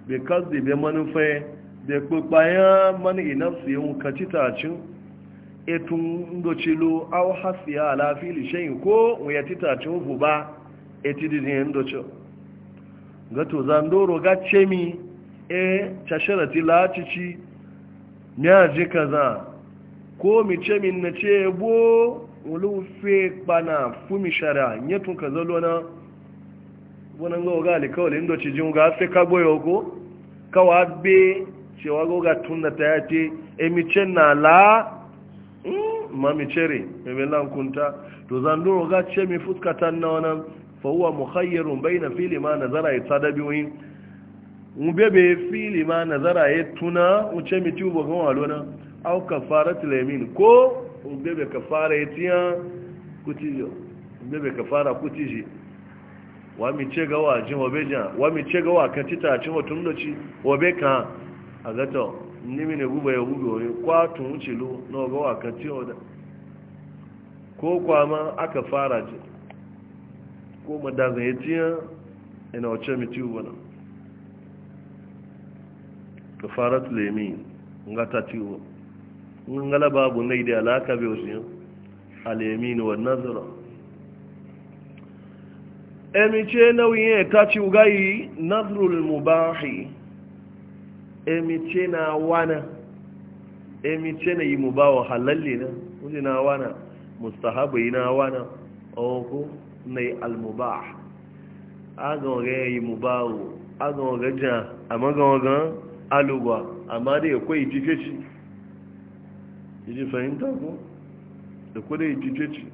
bai kasdi bai manufa da kpekpaya mani inafsi yin kaci tacin etun doci lo au hasiya ala fili shayin ko ya ti tacin ufu ba eti dizin doci ga to zandoro ga cemi e ta sharati lacici ni a ji kaza ko mi chemi na ce wulu fe bana fumi shara nyetun ka zalo na wannan ga ga alikawali indo ci jin ga fe ka ga ga tunna ta yace emicen na la hmm, mami cere mebe lankunta to ga fa fili ma nazara ya e sadabi wani mubebe fili ma nazara ya e tuna uce mi tubo ga walona au kafaratul yamin ko ubebe kafara etiya kutijo ubebe kafara kutiji wami chega wa jin obeja wami chega wa kan tita cin otun lochi obe kan agato nimi ne gubo ya gubo kwa tun chilo na obo wa kan ti oda ko kwama aka fara ji ko madazan etiya ina oche miti na kafaratul yamin ngata uwa ngala babu nai da alaka bai wasu alyaminu wa nazara emice nauyin ya kaci ugayi nazrul mubahi emice na wana emice na yi mubawa halalle na wuce na wana mustahabai na wana ọkụ na yi almubah agawaga ya yi mubawo agawaga jan amagawagan alugwa amma da ya kwayi jike shi ji fahimta ko da kuda yi ciceci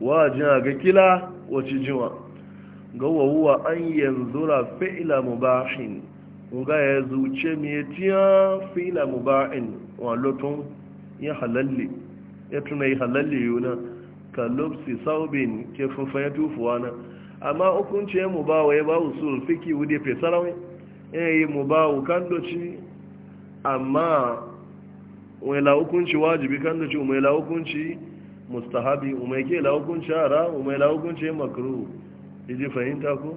wa jina ga kila wace jima ga wawuwa an yanzura fi'ila mubahin ga ya zuce mai tiya fi'ila mubahin wa lotun ya halalle ya tuna yi halalle yuna ka lobsi saubin ke fufa ya tufuwa na amma hukunci ya mubawa ya ba usul fiki wude fesarawai ya yi mubawa kan doci amma umai la hukunci wajibi kan da ce umai la hukunci mustahabi umai ke la hukunci hara umai la hukunci makruh iji fahimta ko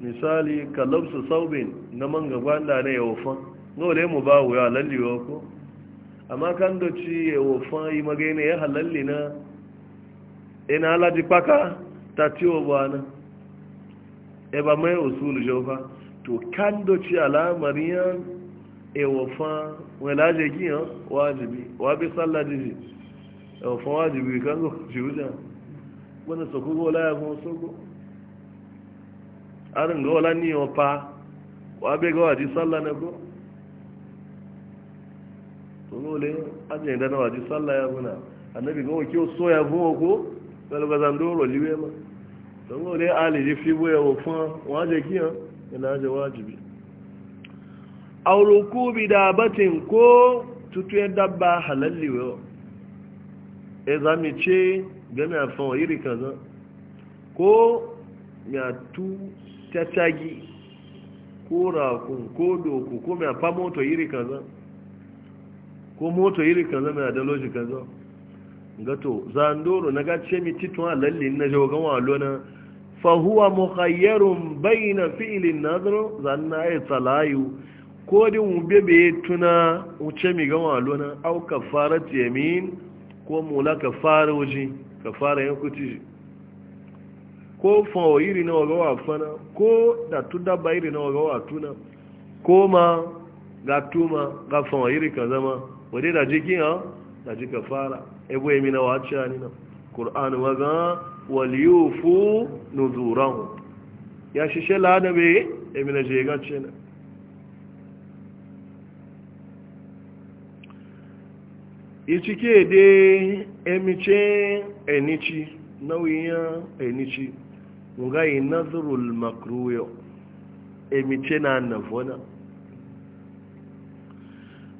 misali kalabsu saubin na man gaba da na yawofan dole mu ba wuya lalle ko amma kan da ci yawofan yi magaina ya halalle na ina alaji paka ta ciwo ba na e ba mai usulu jofa to kan da ci alamariyan e welaje kiyan wajibi wabi tsalla jiji ewofan wajibi kan zo jirujan wani sokogo olaya fun sogo arin ga ola ni opa wabe ga waji tsalla na go tunole ajin idan na waji tsalla ya guna annabi so ya ma fi auruku dabatin ko tutuyar dabba halalli wa e za mu ce gami a fawon iri kaza ko tu tattagi ko rakun ko doku ko mai fa moto iri kaza ko moto iri kaza mai adaloji kaza gato ndoro na gace mi titun halalli na jogon walo na fahuwa mukhayyarun bayyana fi'ilin nazaro zanna ya e tsalayu ko dai mu bebe tuna wuce mi gama lona au fara yamin ko mula kafara wuji kafara yankuti ko fawo iri na wagawa fana ko da tuda ba iri na wagawa tuna ko ma ga tuma ga fawo iri ka zama wadai da jikin ha da ji kafara ebo yami na wace ni na qur'an waga waliyufu nuzurahu ya shishe ladabe yami e na je gace na ichike de emice enici nauyin enici ngayi nazarul makruyo emice na nafona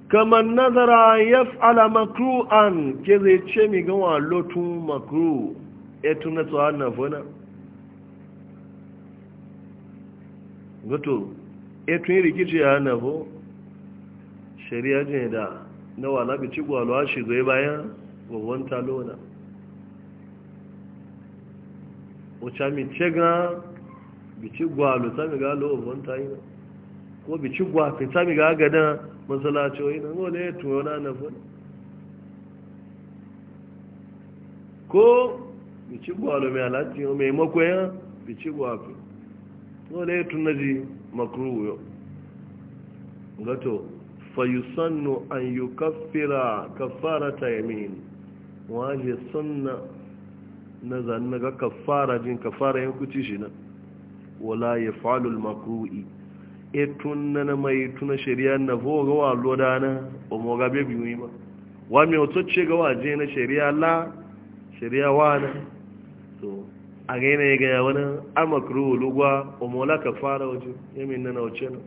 kamar nazara ya fa'ala makru an ke zai ce mi gawa lotun makru etu na tsawa nafona gato etu yi rikici ya nafo shari'a jini da na wa bi ci gwalwa shi zai bayan wawan talona wacce mi ce ga bi ci gwalo ta mi galo wawan talona ko bi ci gwafi ta mi ga gada masalaci wani na wani ya tuwa na na fana ko bi ci gwalo mai alati mai makwaya bi ci gwafi wani ya tunaji makruwa gato fayusannu an yi kafira kafara ta yamin waje sunna na zanna ga kafara jin kafara yin kuci shi na wala ya falul makru'i etun na na mai tuna shari'a na foga wa loda na omoga bebi yi ma wa mai wato ce ga waje na shari'a la shari'a wa na so a gaina ya gaya wani amakru lugwa omola kafara waje yamin na na wace na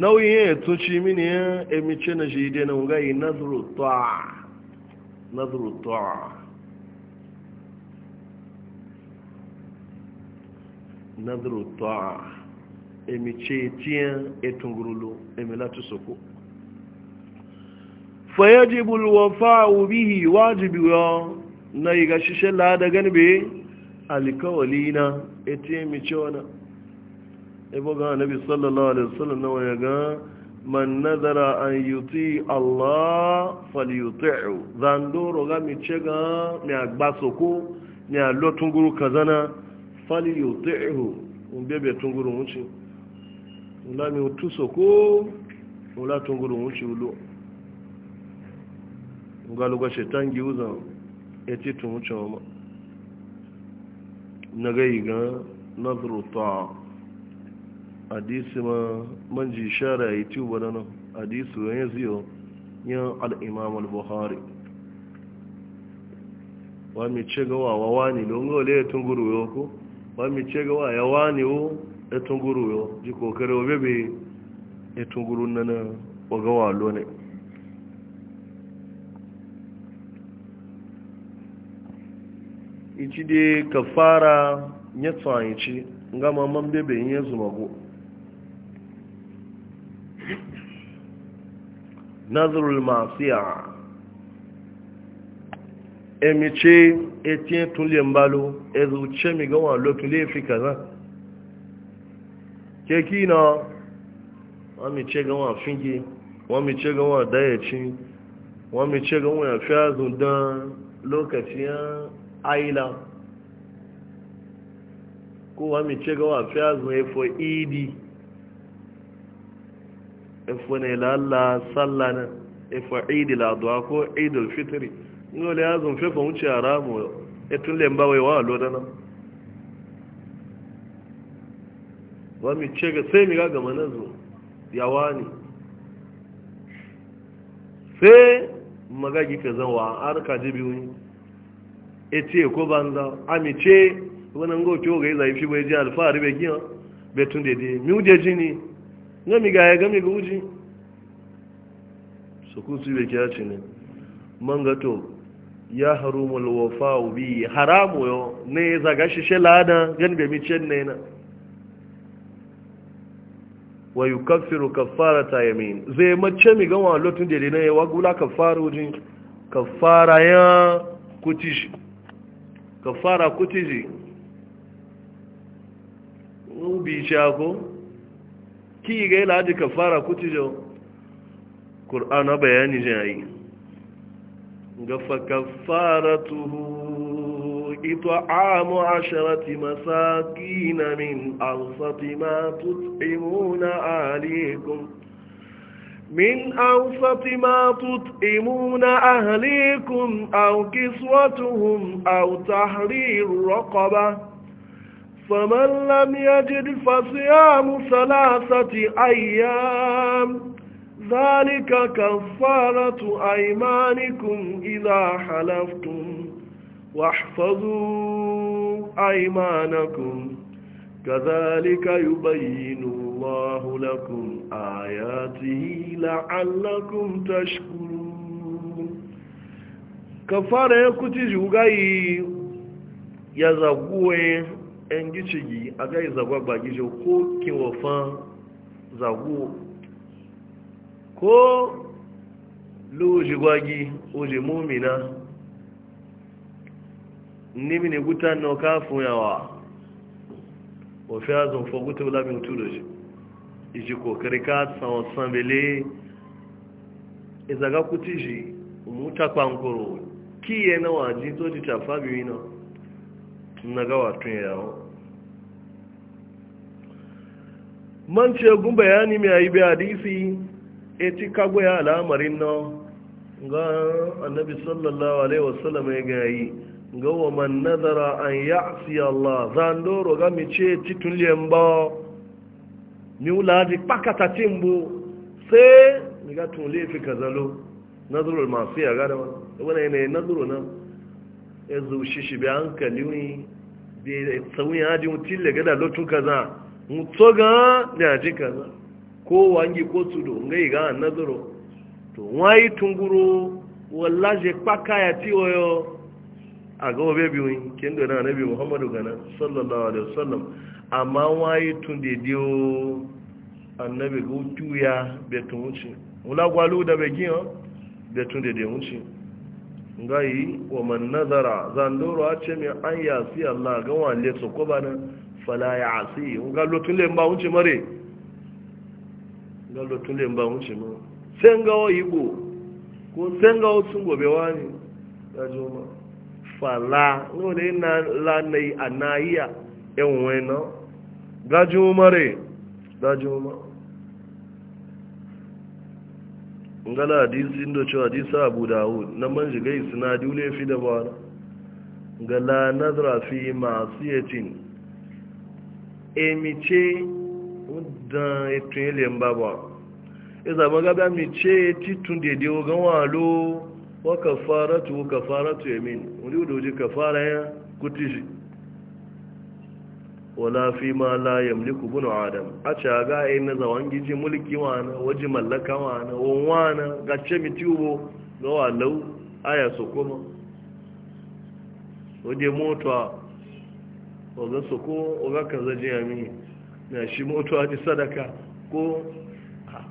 nauyin ya toci mini ya emice na shi dai na ngayi nazru ta'a nazru ta'a emice tiyan etungurulo emilatu soko fayajibu alwafa'u bihi wajibi ya na yi ga shishe la da ganbe alkawalina etiyan mice wannan ibo ga annabi sallallahu alaihi wasallam na waya ga man nazara an yuti Allah falyuti'u zandoro ga mi chega mi agbasoko ni alo tunguru kazana falyuti'u un bebe tunguru unchi ula mi utusoko ula tunguru unchi ulo ga shetan giuza eti tumucho ma nagayi ga nazru ta'a hadisi ma manji shara yi ci ba nan hadisi wani ziyo yin al'imam al-buhari wa mi ce gawa wa wani don le ya guru yau ko wa mi ce gawa ya wani wo ya tunguru yau ji kokare wa bebe ya guru nan wa gawa lo ne ichi dai kafara ya tsanyi ci gama man bebe yin ya zumago nazarul masiya emice etinye tunle mbalo ezuce mi gawa lotule fi kaza keki na wọ́n mi ce gawa fingi wọ́n mi ce gawa dayaci wọ́n mi ce gawa ya fi azun don lokacin aila ko wọ́n mi ce gawa fi azun efo idi ne lalla sallah na ifa idil adwa ko idil fitri ngole azum wuce a ramu e tun le wai wa lo nan wa mi ga sai mi ga gama nazo ni sai magagi ka zanwa har ka ji biyu ce ko banza amice wannan gobe ga yi zai fi bai ji alfahari bai giya betun dede mi ji jini gami ga ya gami ga uji su kusu bai ce ne man ya haru malwafa obi haramu yau ne zaga shi shelada gan gami micen ne na wa yi kafiru kafara ta yamin zai mace mi gama lotun da na yawa gula kafara uji kafara ya kutiji kafara kutiji ubi ako Ki ga-ele aja kafara kutu ndị ọrụ. Kur'aana bayani baya anyị njọ anyị. Nga fa kafara tụrụ ịtụ masaki na min awụsa tima tutum na ahịrịokum. Min awụsa tima tutum na ahịrịokum awụkiswa tụhụm awụtahari rọkọba. فمن لم يجد فصيام ثلاثة أيام ذلك كفارة أيمانكم إذا حلفتم واحفظوا أيمانكم كذلك يبين الله لكم آياته لعلكم تشكرون كفارة يكتجوا يزغوه 'yan gicigi a gai zagwagba gijo ko kiwafan zago ko loji gwagi oje momina nimi ne guta na kafin yawa wafi azun faguta labin tudoji iji kokari ka tsawon sanbele izaga kuti ji mutakwa nkoro kiye na waji to ji tafabi wina na gawa tun yawo man ce gun bayani mai yi hadisi e ci kago ya al'amarin na ga annabi sallallahu alaihi wasallam ya gayi ga wa man nazara an ya'si Allah zan doro ga mi ce ti tun liyan ba mi ulaji pakata timbu sai mi ga tun fi kazalo nazarul masu ya ga da wani yanayi nazaro na ezu shishi bi hankali da samun ya ji mutum daga da lotun kaza mutu ga da ji kaza ko wangi ko tudo nga yi ga nazaro to wayi tunguru wallaje kpaka ya ti oyo a ga obe biyu kin da na nabi muhammadu gana sallallahu alaihi wasallam amma wayi tun da dio annabi go tuya betun wuce wula gwalu da begin betun da de ngayi wa man nazara zandoro a ce mi an yasi Allah ga wale su ko bana fala ya asi nga lotun le mba unce mare nga lotun le mba unce ma senga o yibo ko senga o sungo be wani da joma fala no le na la nei anaiya enwe no ga joma re da ma. ngala hadisi ndo cewa hadisa abu dawud na man shiga isnadi ne fi da bara ga la fi ma'siyatin emiche da eto ile mbaba iza ba miche titun da dewo gan walo wa kafaratu kafaratu yamin wani udoji kafara ya kutishi wala fi ma la yamliku bunu adam a ce ga yi na zawangiji giji mulki wana waje mallaka wana wana gace na ga walau aya su kuma waje mota waga su ko waga kaza jiya mini na shi mota ji sadaka ko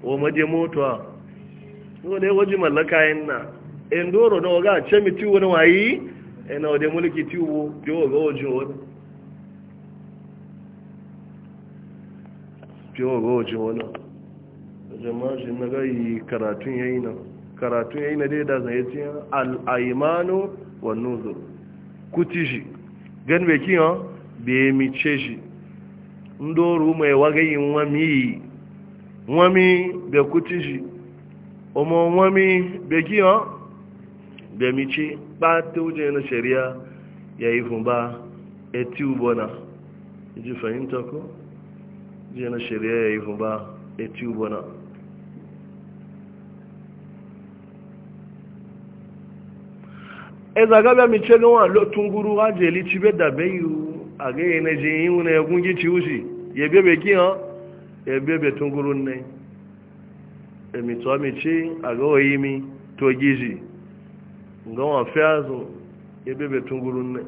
wa maje mota wadai waje mallaka yin na indoro na waga ce tiwo na wayi yana waje mulki tiwo ga wajen wani fiye ga wajen jama'a shi na gayi karatun yayi na karatun yayi na daida zai tiya al'aimanu wa nuzur kuti shi gan beki yan bai mice shi ndoru mai wagayin wami wami da kuti shi ọmọ wami beki yan bai mice ba ta wujen na shari'a ya yi fun ba eti ubona iji fahimta ko jiya na shirya ya yi hun ba ya ci ubana e zaga mi ce gawa tunguru ha jeli ci da be yu a ga yi na yi wuna ya gungi ci wuce ya bebe ki ha ya bebe tunguru ne e mi to mi ci a ga wa yi mi to gizi gawa fiyazu ya bebe tunguru ne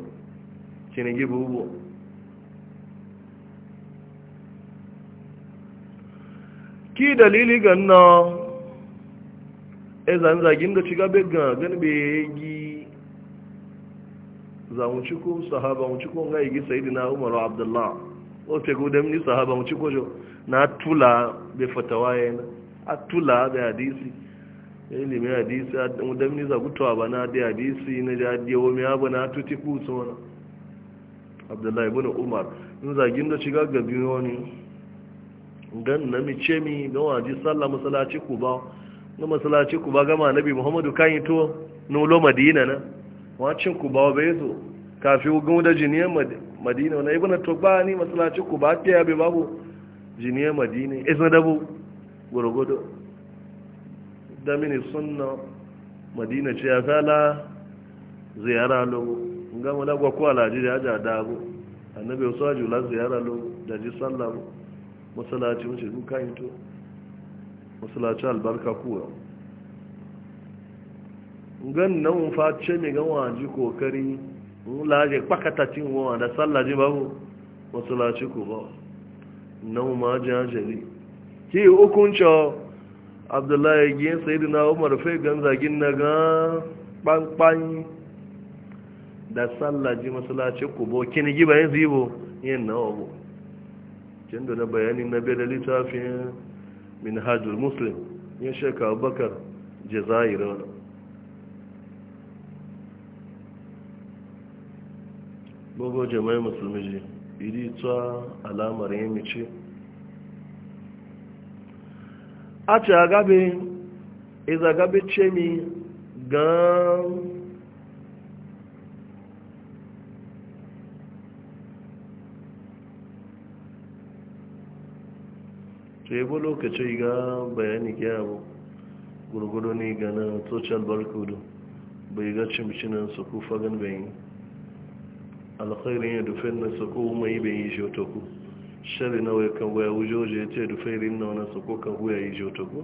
ki dalili ganna e zanzagin da ciga begga gani be gi za mu ci ko sahaba mu ci ko ga yi sayyidina umar abdullah o te go dem ni sahaba mu ci ko jo na tula be fatawa yana e atula da hadisi e ilimin hadisi a ɗan ni za gutuwa ba na da hadisi na da yawo mai abu na tuti kusa wani abdullahi ibn umar in zagin da shiga gabi wani gan na mi ce mi ga waje sallah masalaci ku ba na masalaci ku ba gama nabi muhammadu kan yi to nulo madina na wacin ku ba bai zo kafin gugu da jiniyar madina wani ibina to ba ni masalaci ku ba ta yabe babu jiniyar madina isa dabu gwargwado da mini suna madina ce ya zala ziyara lobo gama lagwa ko alaji da ya ja dago annabi wasu ajiyar ziyara lobo da ji sallah masalacin wuce duka yi to masalacin albarka kuwa gan nan face mai ganwa ji kokari laje pakatacin wawa da sallaji babu masalaci ku ba nan ma ji hajjali ki hukunca abdullahi giyan sayidu na umar fai gan zagin na ga kpankpan da sallaji masalaci ku bo kini giba yin zibo yin na obo kin da na bayanin na bada littafin minhajul muslim ya shaka abubakar jazair wani gbogbo jama'i musulmi ji iri ta alamar yin mice a ce a gabe izagabe ce mi gan to ya lokaci ga bayani gyabu gurgudu ne ga na social barkudu bai ga cimcinan su ku fagen bayan alkhairin ya dufe na su ku mai bayan yi otoku shari na wai kan waya wujoji ya ce dufe na wani su ku kan waya yi shi otoku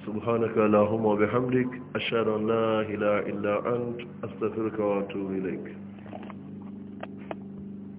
سبحانك اللهم وبحمدك أشهد أن لا إله إلا أنت أستغفرك وأتوب